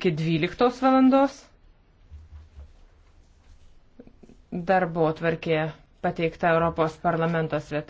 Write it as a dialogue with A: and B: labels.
A: iki 12 valandos.
B: Darbo tvarkė pateikta Europos parlamento svetainė.